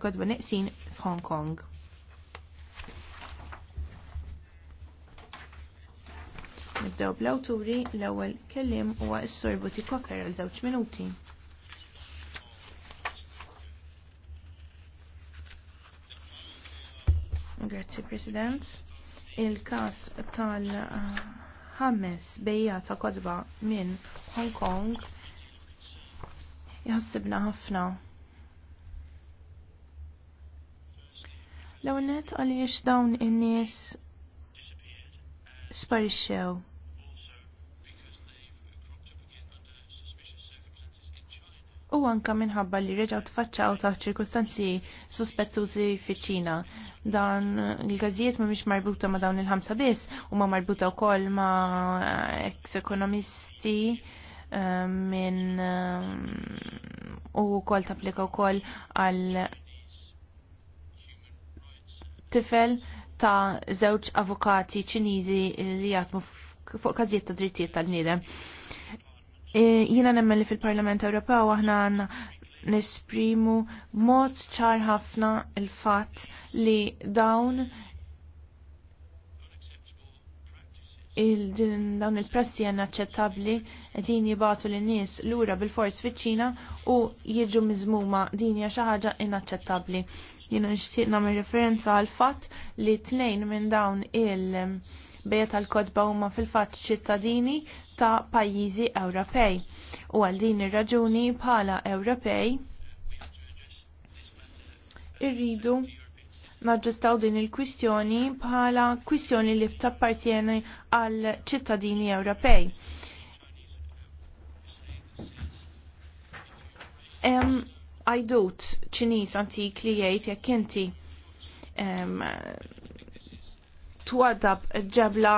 kodba neqsin f'Hong Kong. Nibdew bl-awturi l-ewwel kellim huwa s-sorbuti kokker għal żewġ minuti. Grazzi President. Il-kas tal-ħames bejja ta' kodba minn Hong Kong jħassibna ħafna. L-għonet għaliex dawn in-nies sparixxew. U anka minħabba li reġaw tfaċċaw taħt ċirkustanzi suspettużi fiċ-Ċina. Dan il-gazijiet ma miex marbuta ma dawn il-ħamsa biss u ma marbuta wkoll ma ex-ekonomisti eh, minn eh, u kol tapplika u kol għal tifel ta' żewġ avukati ċiniżi li jaħdmu fuq każijiet ta' drittijiet tal-niedem. E, jiena nemmen li fil-Parlament Ewropew aħna għandna nesprimu mod ċar ħafna il-fatt li dawn il dawn il-prassi għanna ċettabli din jibatu l nies l-ura bil-fors fiċ-ċina u jieġu mizmuma din hija xi ħaġa inaċċettabbli. Jiena nixtieq nagħmel referenza għal fatt li tnejn minn dawn il-bejja ehm, tal-kodba huma fil-fatt ċittadini ta' pajjiżi Ewropej. U għal din ir-raġuni bħala Ewropej irridu naġġustaw din il-kwistjoni bħala kwistjoni li tappartieni għal ċittadini Ewropej. Um, ajdut ċiniż antik li jgħid jekk inti twadab ġebla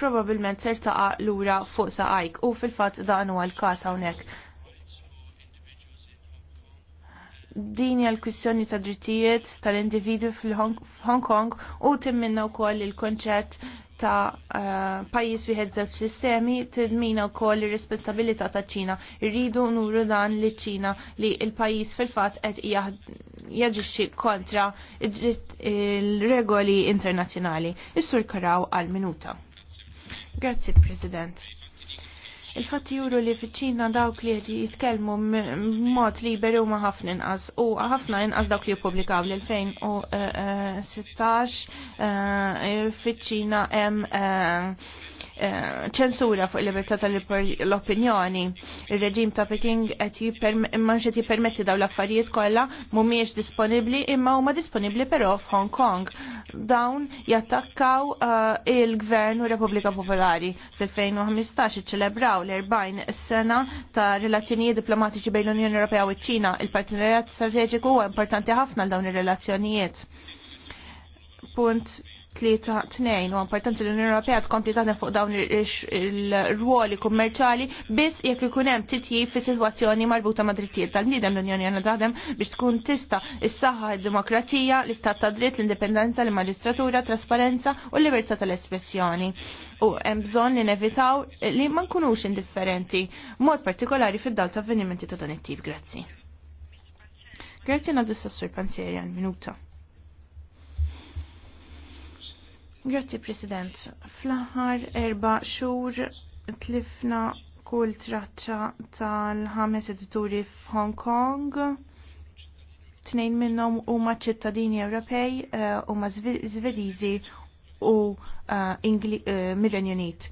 probabilment ser taqa' lura fuq saqajk u fil-fatt dan huwa l-każ hawnhekk. Din hija l-kwistjoni ta' drittijiet tal-individwi fil-Hong Kong u timminna wkoll il-konċett ta' eh, pajjiż wieħed żewġ sistemi tidmina wkoll ir-responsabilità ta' Ċina. Irridu nuru dan li Ċina li l-pajjiż fil-fatt qed jaġixxi kontra il-regoli internazzjonali. Is-sur Karaw għal minuta. Grazzi President. Il-fatti juru li fiċ-Ċina dawk li qed jitkellmu mod liberu ma ħafna inqas u ħafna inqas dawk li jippubblikaw l-2016 eh, fiċ-Ċina hemm eh, ċensura fuq il-libertà tal-opinjoni. Ir-reġim ta' Peking imma qed jippermetti daw l-affarijiet kollha mhumiex disponibbli imma huma disponibbli però f'Hong Kong. Dawn jattakkaw eh, il-Gvern u Repubblika Popolari. Fil-2015 iċċelebraw l-40 sena ta' relazzjonijiet diplomatiċi bejn l-Unjoni Ewropea u ċ-Ċina. il partnerjat strateġiku huwa importanti ħafna l dawn ir-relazzjonijiet. Punt u importanti l-Unjoni Ewropea tkompli taħdem fuq dawn il-rwoli kummerċali biss jekk ikun hemm titjib fi sitwazzjoni marbuta ma' drittijiet tal-bniedem l-Unjoni għandha taħdem biex tkun tista' is-saħħa id demokrazija l-istat ta' dritt, l-indipendenza, l-maġistratura, trasparenza u l-libertà tal-espressjoni. U hemm bżonn li nevitaw li ma nkunux indifferenti, mod partikolari fid-dal ta' avvenimenti ta' dan it-tip. Grazzi. Grazzi nagħdu s-sassur panzeri għal minuta. Grazzi President, fl-aħħar erba xhur tlifna kull traċċa tal-ħames edituri f'Hong Kong. Tnejn minnhom huma ċittadini Ewropej eh, huma Zvediżi u eh, eh, Mir-Renju Unit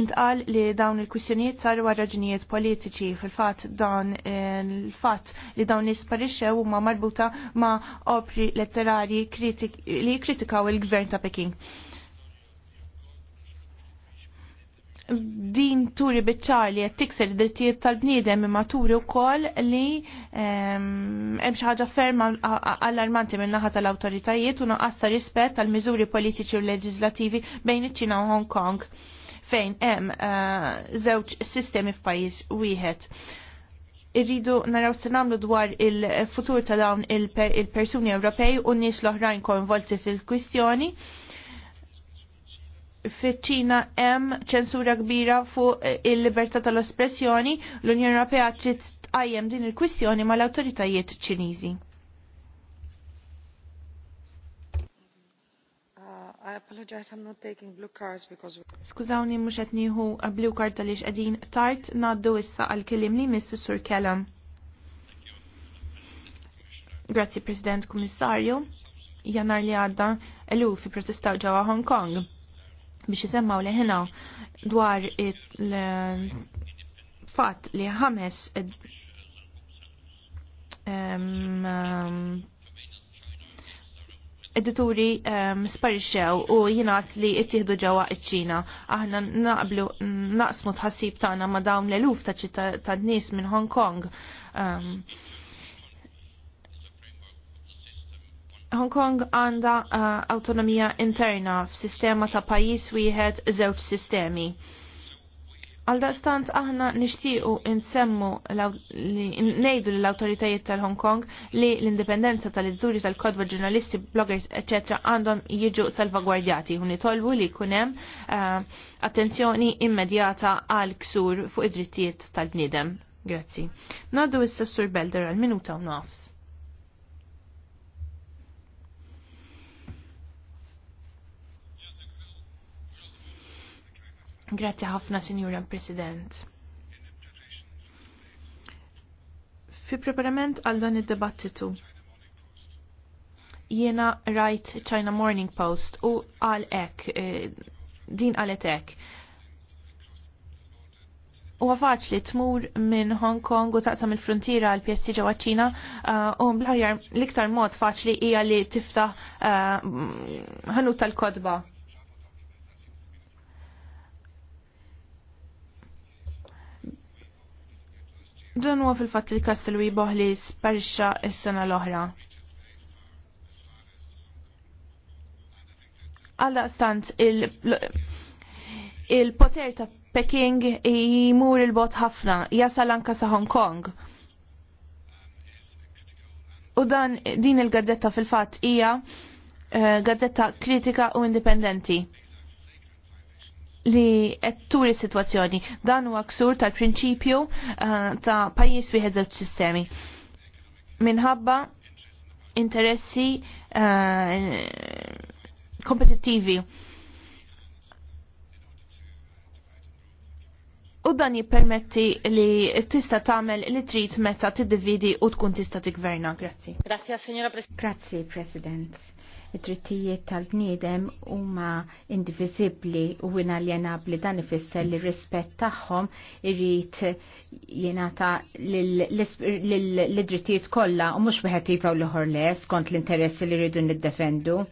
intqal li dawn il-kwistjonijiet saru raġunijiet politiċi fil-fatt dawn eh, il-fatt li dawn nisparixxew huma marbuta ma' opri letterari kritik li kritikaw il-gvern ta' Peking. Din turi bieċar li qed tikser id-drittijiet tal-bniedem imma turi wkoll li ehm, hemm xi ħaġa ferma allarmanti minn naħa tal-awtoritajiet u naqqas rispett tal-miżuri politiċi u leġislativi bejn iċ-Ċina u Hong Kong fejn hemm eh, żewġ sistemi f'pajjiż wieħed. Irridu naraw se nagħmlu dwar il-futur ta' dawn il-persuni Ewropej u nies l-oħrajn konvolti fil-kwistjoni fiċ-Ċina hemm ċensura kbira fuq eh, il-libertà tal-espressjoni, l-Unjoni Ewropea trid tqajjem din il-kwistjoni mal-awtoritajiet Ċiniżi. I apologize, I'm not taking blue cards because... Skużawni mux etniħu blue card tal qegħdin tard ngħaddu issa għal-kelim li Mr. Sur Kellam. Grazzi, President Kummissarju. Janar li għadda fi protestaw ġewwa Hong Kong biex jisemmaw leħina dwar il-fat eh, li ħames um, edituri ehm, sparixxew u jingħad li ttieħdu ġewwa iċ-Ċina. Aħna naqblu naqsmu tħassib tagħna ma' dawn l-eluf ta' nies minn Hong Kong. Ehm, Hong Kong għandha eh, autonomija interna f'sistema ta' pajjiż wieħed żewġ sistemi. Għaldaqstant aħna nixtiequ nsemmu nejdu l awtoritajiet tal-Hong Kong li l-indipendenza tal-iżuri tal-kodba ġurnalisti, bloggers, etc. għandhom jiġu salvagwardjati u nitolbu li jkun hemm uh, attenzjoni immedjata għal ksur fuq id-drittijiet tal-bniedem. Grazzi. Naddu issa sur Belder għal minuta u nofs. Grazzi ħafna, Signora President. Fi preparament għal dan id-debattitu, jiena rajt China Morning Post u għal ek, eh, din għal ek. U għafax li tmur minn Hong Kong u taqsam il-frontira għal pjesti ġewa ċina eh, u mblajjar l-iktar mod faċli hija li tifta eh, ħanut tal-kodba Dan huwa fil-fatt il-kastelwi boħli sparixxa s-sena l-oħra. Għaldaqstant stant il-poter ta' Peking jimur il-bot ħafna, jasal anka sa' Hong Kong. U dan din il-gazzetta fil-fatt hija eh, gazzetta kritika u indipendenti li qed turi situazzjoni dan huwa ksur tal-prinċipju eh, ta' pajjiż wieħed żewġ sistemi. Minħabba interessi eh, kompetittivi U dan jippermetti li tista tagħmel li trid meta tiddividi u tkun tista tigverna. Grazzi. Grazzi, signora President. Grazzi, President. Id-drittijiet tal-bniedem huma indivizibbli u inaljenabbli dan ifisser li rispett tagħhom irid jingħata lill drittijiet kollha u mhux wieħed jibgħu l oħor le skont l-interessi li rridu niddefendu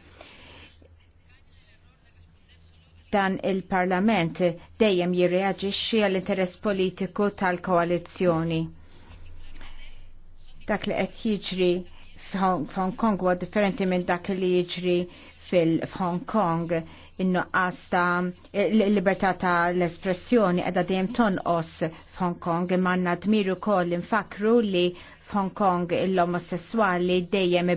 dan il-Parlament dejjem jirreaġixxi għall-interess politiku tal-koalizzjoni. Dak li qed jiġri f'Hong Kong huwa differenti minn dak li jiġri fil-Hong Kong in-nuqqas ta' l-libertà ta' l-espressjoni edha dejjem tonqos f'Hong Kong imma għandna dmiru koll infakru li f'Hong Kong l-omosessuali dejjem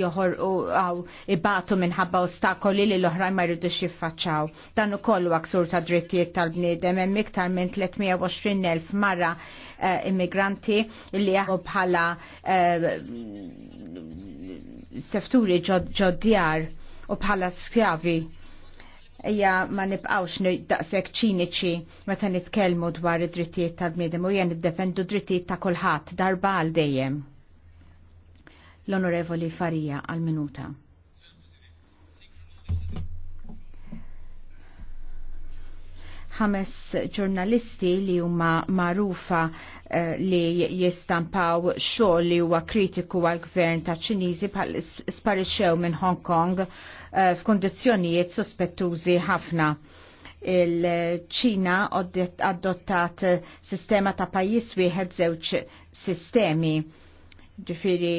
joħorqu għaw ibatu minħabba ostakoli li l-oħrajn ma jridux jiffaċċaw. Dan ukoll għaksur ta' drittijiet tal-bniedem hemm iktar minn 320,000 marra eh, immigranti li jaħu bħala eh, sefturi ġoddjar u bħala skjavi. Ejja ma nibqawx daqshekk ċiniċi meta nitkellmu dwar id-drittijiet tal-bniedem u jien niddefendu drittijiet ta' kulħadd darba għal dejjem. L-Onorevoli Farija għal-minuta. ħames ġurnalisti li huma marufa eh, li jistampaw xogħol li huwa kritiku għal gvern ta' Ċiniżi bħal sparixxew minn Hong Kong eh, f'kundizzjonijiet sospettużi ħafna il-ċina adottat sistema ta' pajjiż wieħed żewġ sistemi. Ġifieri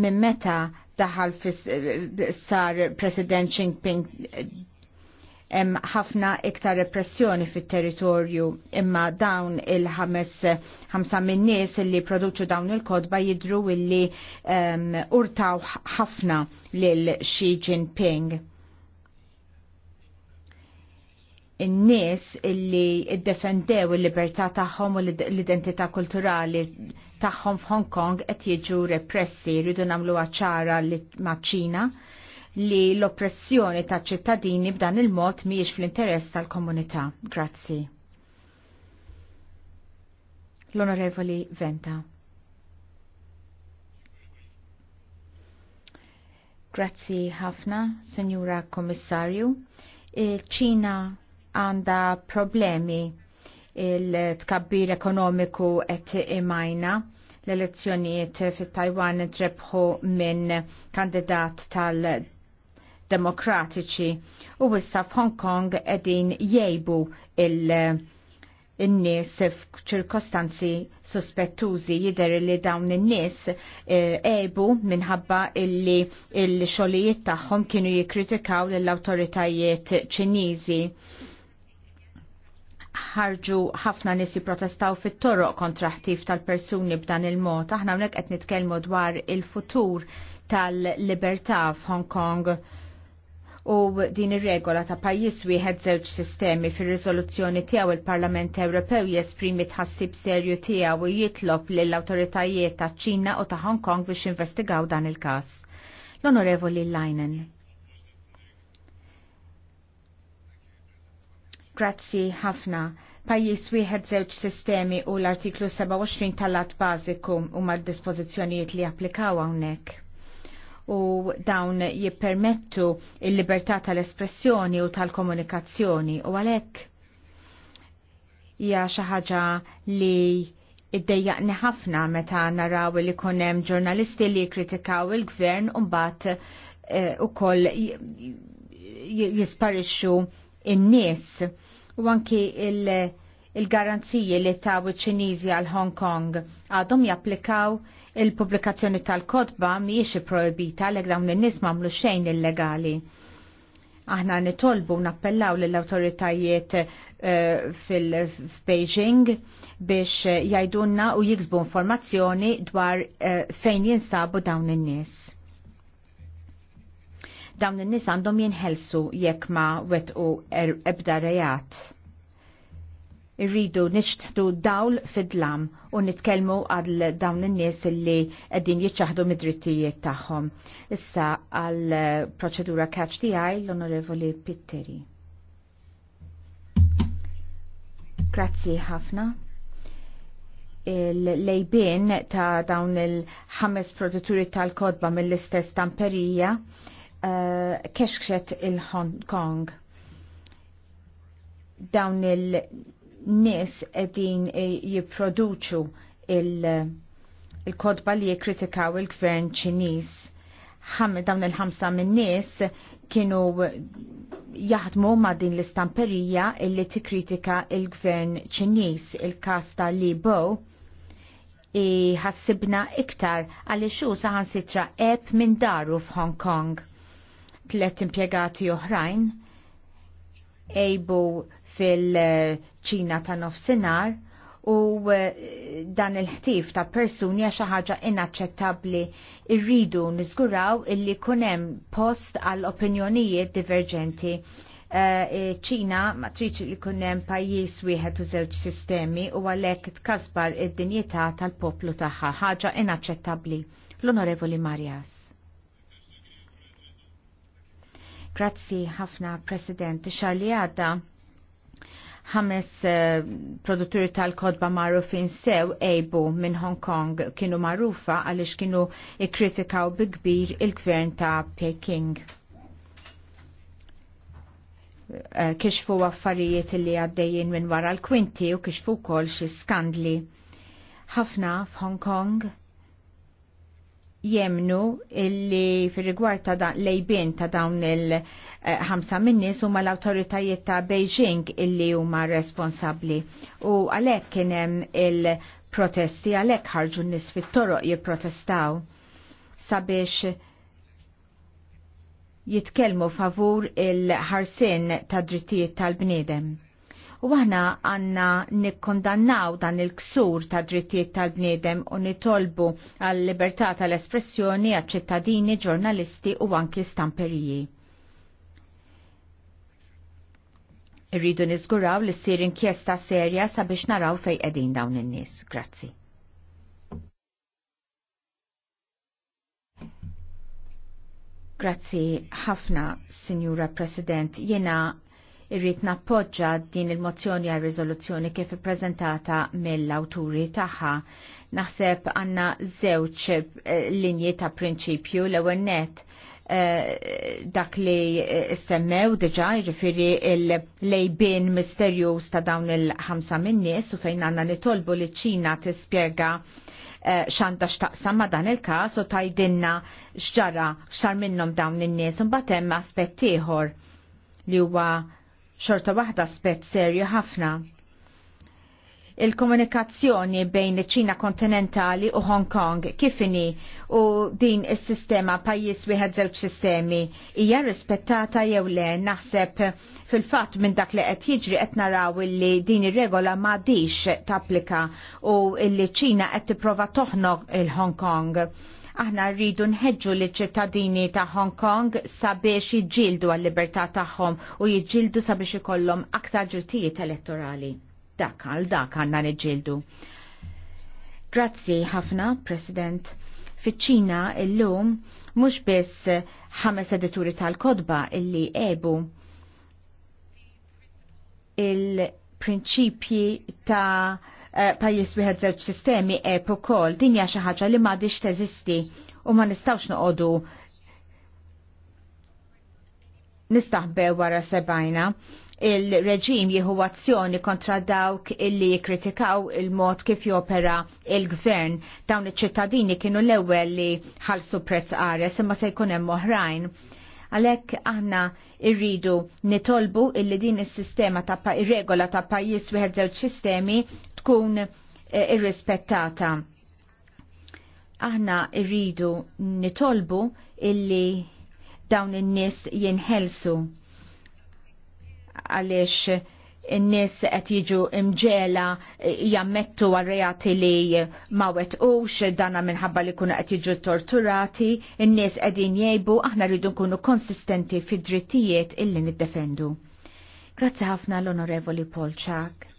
minn meta daħal sar President Jinping hemm ħafna iktar repressjoni fit-territorju imma dawn il-ħames ħamsa min nies li produċu dawn il-kodba jidru illi urtaw ħafna lil Xi Jinping in-nies illi iddefendew il-libertà tagħhom u l-identità kulturali tagħhom f'Hong Kong qed jiġu repressi jridu nagħmlu ċara maċ-Ċina li l-oppressjoni ta' ċittadini b'dan il-mod mhijiex fl-interess tal-komunità. Grazzi. L-Onorevoli Venta. Grazzi ħafna, Senjura Kommissarju. Il-Ċina għanda problemi il-tkabbir ekonomiku et imajna l-elezzjonijiet fit-Tajwan trebħu minn kandidat tal-demokratiċi u issa f'Hong Kong edin jgħibu il-nies f'ċirkostanzi sospettużi jider li dawn in-nies eh, ebu minħabba illi il-xogħlijiet tagħhom kienu jikkritikaw lill-awtoritajiet Ċiniżi ħarġu ħafna nies jipprotestaw fit-toroq kontra ħtif tal-persuni b'dan il-mod. Aħna hawnhekk qed nitkellmu dwar il-futur tal-libertà f'Hong Kong u din ir-regola ta' pajjiż wieħed żewġ sistemi fir-riżoluzzjoni tiegħu il-Parlament Ewropew jesprimi tħassib serju tiegħu u jitlob lill awtoritajiet ta' Ċina u ta' Hong Kong biex investigaw dan il-każ. L-Onorevoli Leinen. Grazzi ħafna. Pajjiż wieħed żewġ sistemi u l-artiklu 27 tal-att bażiku huma l-dispożizzjonijiet li applikaw hawnhekk. U dawn jippermettu il-libertà tal-espressjoni u tal-komunikazzjoni u għalhekk hija xi ħaġa li iddejjaqni ħafna meta naraw li kun hemm ġurnalisti li jikkritikaw il-gvern u mbagħad eh, ukoll jisparixxu in-nies u anki il-garanziji li ta' iċ għal Hong Kong għadhom japplikaw il-pubblikazzjoni tal-kodba mhijiex ipprojbita għalhekk dawn in-nies m'għamlu xejn illegali. Aħna nitolbu nappellaw lill-awtoritajiet eh, fil-Beijing biex jajdunna u jiksbu informazzjoni dwar eh, fejn jinsabu dawn in-nies dawn in-nies għandhom jinħelsu jekk ma wetqu er-, ebda rejat. Irridu nixtħdu dawl fid-dlam u nitkellmu għal dawn in-nies li qegħdin jiċċaħdu mid-drittijiet tagħhom. Issa għal proċedura catch tiegħi l-Onorevoli Pitteri. Grazzi ħafna il-lejbin ta' dawn il-ħames produtturi tal-kodba mill-istess tamperija Eh, kexxet il-Hong Kong. Dawn il-nis edin e jiproduċu il-kodba li jikritikaw il-gvern ċiniż. Dawn il-ħamsa min-nies kienu jaħdmu ma' din l-istamperija illi tikkritika il-gvern ċiniż il kasta ta' Li Bo ħassibna iktar għalli xu saħan sitra eb minn daru f'Hong Kong tlet impjegati oħrajn ejbu fil-ċina ta' nofsinar u eh, dan il-ħtif ta' persuni għaxa ħaġa inaċċettabli irridu nizguraw illi kunem post għal opinjonijiet divergenti. Eh, ċina uh, matriċi li kunem pajis wieħed u żewġ sistemi u għalek tkasbar id-dinjità tal-poplu tagħha ħaġa inaċċettabbli. L-Onorevoli Marjas. Grazzi ħafna President. Charlie Ada. ħames eh, produtturi tal-kodba marufin sew ejbu minn Hong Kong kienu marufa għalix kienu ikkritikaw bi kbir il-gvern ta' Peking. Eh, kixfu affarijiet li għaddejjin minn wara l-kwinti u kixfu kol xi skandli. ħafna f'Hong Kong jemnu illi fil rigward ta' da, lejbin ta' dawn il-ħamsa eh, minnis huma l-autoritajiet ta' Beijing illi huma responsabli. U għalhekk kien hemm il-protesti għalhekk ħarġu n-nies fit-toroq jipprotestaw sabiex jitkellmu favur il-ħarsin ta' drittijiet tal-bniedem. U aħna għanna nikkondannaw dan il-ksur ta' drittijiet tal-bniedem u nitolbu għal libertà tal-espressjoni għal ċittadini, ġurnalisti u anki stamperiji. Irridu niżguraw li ssir inkjesta serja sabiex naraw fej qegħdin dawn in-nies. Grazzi. Grazzi ħafna, Sinjura President. Jena irrit nappoġġa din il-mozzjoni għal riżoluzzjoni kif ippreżentata mill-awturi tagħha. Naħseb għandna żewġ eh, linji ta' prinċipju l-ewwel net eh, dak li eh, semmew diġa ġifiri il-lejbin misterjus ta' dawn il-ħamsa minnis u fejn għanna nitolbu li ċina tispjega xanda xtaqsam ma dan il-kas u tajdinna xġara xar minnom dawn il-nies un batem aspettiħor li huwa xorta waħda spett serju ħafna. Il-komunikazzjoni bejn iċ-Ċina kontinentali u Hong Kong kifini u din is-sistema pajjiż wieħed żewġ sistemi hija rispettata jew le naħseb fil-fatt minn dak li qed jiġri qed naraw illi din ir-regola m'għadix tapplika u illi ċina qed tipprova toħnok il-Hong Kong Aħna rridu nħedġu li ċittadini ta' Hong Kong sabiex jġildu għal-libertà tagħhom u jġildu sabiex ikollhom aktar ġirtijiet elettorali. Dak għal dak għandna niġġieldu. Grazzi ħafna, President. Fiċ-Ċina illum mhux biss ħames edituri tal-kodba illi ebu il-prinċipji ta' Eh, pajjiż wieħed żewġ sistemi ep ukoll din hija xi ħaġa li m'għadix teżisti u ma nistgħux noqogħdu nistaħbew wara sebajna il-reġim jieħu azzjoni kontra dawk illi jikkritikaw il-mod kif jopera il-gvern. Dawn iċ-ċittadini kienu l-ewwel li ħalsu prezz qares imma se jkun hemm oħrajn. Għalhekk aħna irridu nitolbu illi din is-sistema ta' ir-regola ta' pajjiż wieħed żewġ sistemi tkun eh, irrispettata. Aħna rridu nitolbu illi dawn in-nies jinħelsu għaliex in-nies qed jiġu imġela eh, jammettu għar reati li ma wetqux dana minħabba li kunu qed jiġu torturati, in-nies qegħdin jgħibu aħna rridu nkunu konsistenti fid-drittijiet illi niddefendu. Grazzi ħafna l-Onorevoli Polċak.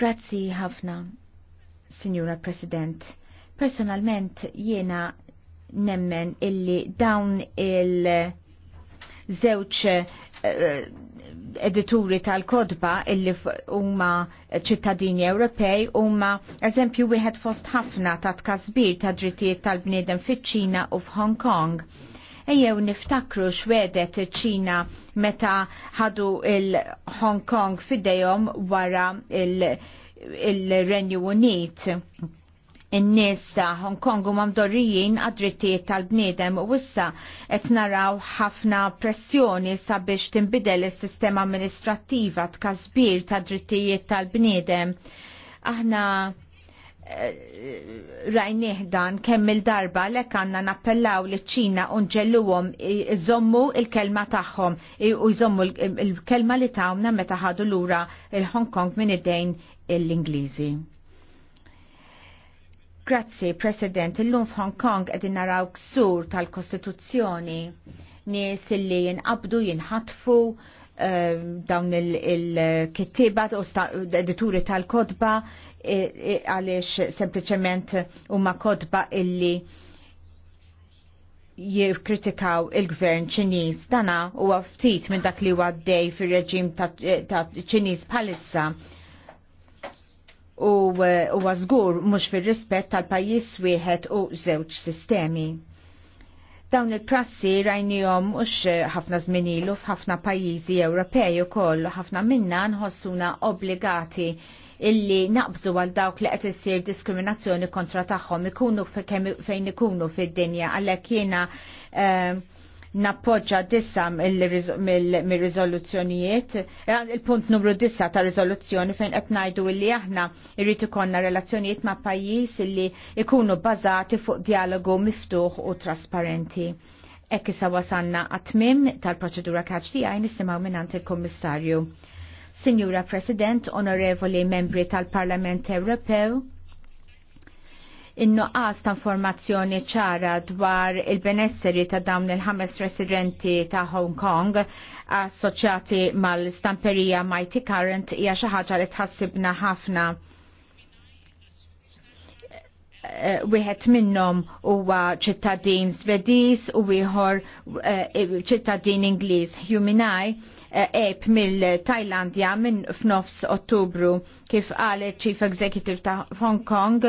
Grazzi ħafna, Signora President. Personalment jiena nemmen illi dawn il-żewċ eh, edituri tal-kodba illi huma ċittadini Ewropej huma eżempju wieħed fost ħafna ta' tkasbir ta' drittijiet tal-bniedem fiċ-Ċina u f'Hong Kong Ejjew niftakru x'wedet ċina meta ħadu il-Hong Kong fidejhom wara il-Renju il Unit. In-nies ta' Hong Kong huma mdorrijin għad-drittijiet tal-bniedem u issa qed naraw ħafna pressjoni sabiex tinbidel is-sistema amministrattiva tkażbir ta' drittijiet tal-bniedem. Aħna Eh, rajnieh dan kemm il-darba lek għanna nappellaw li ċina għom iżommu il-kelma tagħhom u jżommu il-kelma li tawna meta ħadu lura il-Hong Kong minn id-dejn l-Ingliżi. Grazzi, President, illum f'Hong Kong qegħdin naraw ksur tal-Kostituzzjoni nies li jinqabdu jinħatfu Eh, dawn il-kittiba u edituri tal-kodba e, e, għaliex sempliciment huma kodba illi jikritikaw il-gvern ċiniż. Dana huwa ftit minn dak li huwa għaddej fir-reġim ta' ċiniż bħalissa u eh, huwa żgur mhux fir-rispett tal-pajjiż wieħed u żewġ sistemi. Dawn il-prassi rajnijom ux ħafna zminilu f'ħafna pajizi Ewropej u koll ħafna minna nħossuna obbligati illi naqbżu għal dawk li qed issir diskriminazzjoni kontra tagħhom ikunu fejn ikunu fid-dinja għalhekk jiena eh, nappoġġa dissa mir rizoluzzjonijiet e, il-punt numru dissa ta' rizoluzzjoni fejn qed ngħidu li aħna rrid ikollna relazzjonijiet ma' pajjiż illi ikunu bażati fuq dialogu miftuħ u trasparenti. Ekki sa wasanna għatmim tal-proċedura kaċ għaj nisimgħu minant il-Kummissarju. Signora President, Onorevoli Membri tal-Parlament Ewropew, in ta' informazzjoni ċara dwar il-benesseri ta' dawn il-ħames residenti ta' Hong Kong assoċjati mal-stamperija Mighty Current hija xi ħaġa li tħassibna ħafna eh, wieħed minnhom huwa ċittadin Svediż u ieħor eh, ċittadin Ingliż. Humanaj eb eh, mill-Tajlandja minn f'nofs Ottubru kif qalet Chief Executive ta' Hong Kong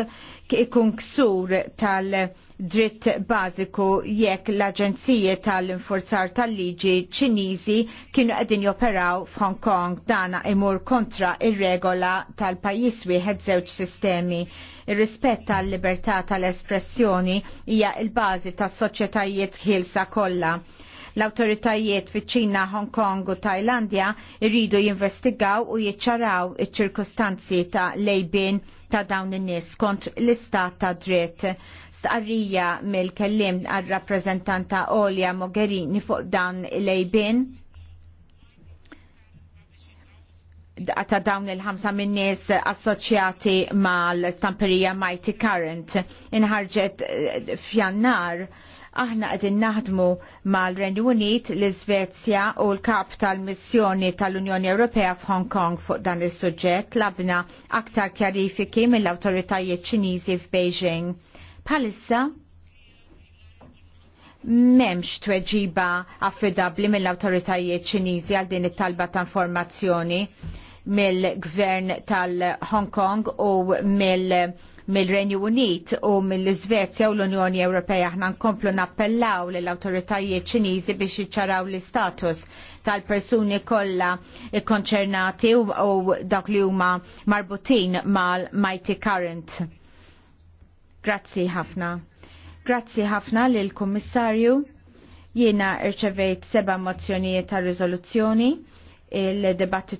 ikun ksur tal-dritt bażiku jekk l aġenzije tal inforzar tal-Liġi Ċiniżi kienu qegħdin joperaw f'Hong Kong dana imur kontra ir-regola tal-pajjiż wieħed żewġ sistemi ir-rispett tal-libertà tal-espressjoni hija l-bażi tas-soċjetajiet ħilsa kollha L-autoritajiet fi ċina, Hong Kong u Tajlandja irridu jinvestigaw u jiċċaraw iċ-ċirkustanzi ta' lejbin ta' dawn in-nies kont l-istat ta' dritt. Stqarrija mill-kellim għal-rappreżentanta Olja Mogherini fuq dan lejbin ta' dawn il-ħamsa minnis nies assoċjati mal-stamperija Mighty Current inħarġet eh, f'jannar aħna qegħdin naħdmu mal-Renju Unit, l-Iżvezja u l-kap tal-missjoni tal-Unjoni Ewropea f'Hong Kong fuq dan is-suġġett labna aktar kjarifiki mill-awtoritajiet Ċiniżi f'Beijing. Palissa, memx tweġiba affidabli mill-autoritajiet ċiniżi għal din it-talba ta' informazzjoni mill-gvern tal-Hong Kong u mill- mill-Renju Unit u mill-Iżvezja u l-Unjoni Ewropea aħna nkomplu nappellaw lill-awtoritajiet Ċiniżi biex jiċċaraw l-istatus tal-persuni kollha konċernati u dak li huma marbutin mal-Mighty Current. Grazzi ħafna. Grazzi ħafna lill-Kummissarju. Jiena irċevejt seba mozzjonijiet ta' riżoluzzjoni il-debattitu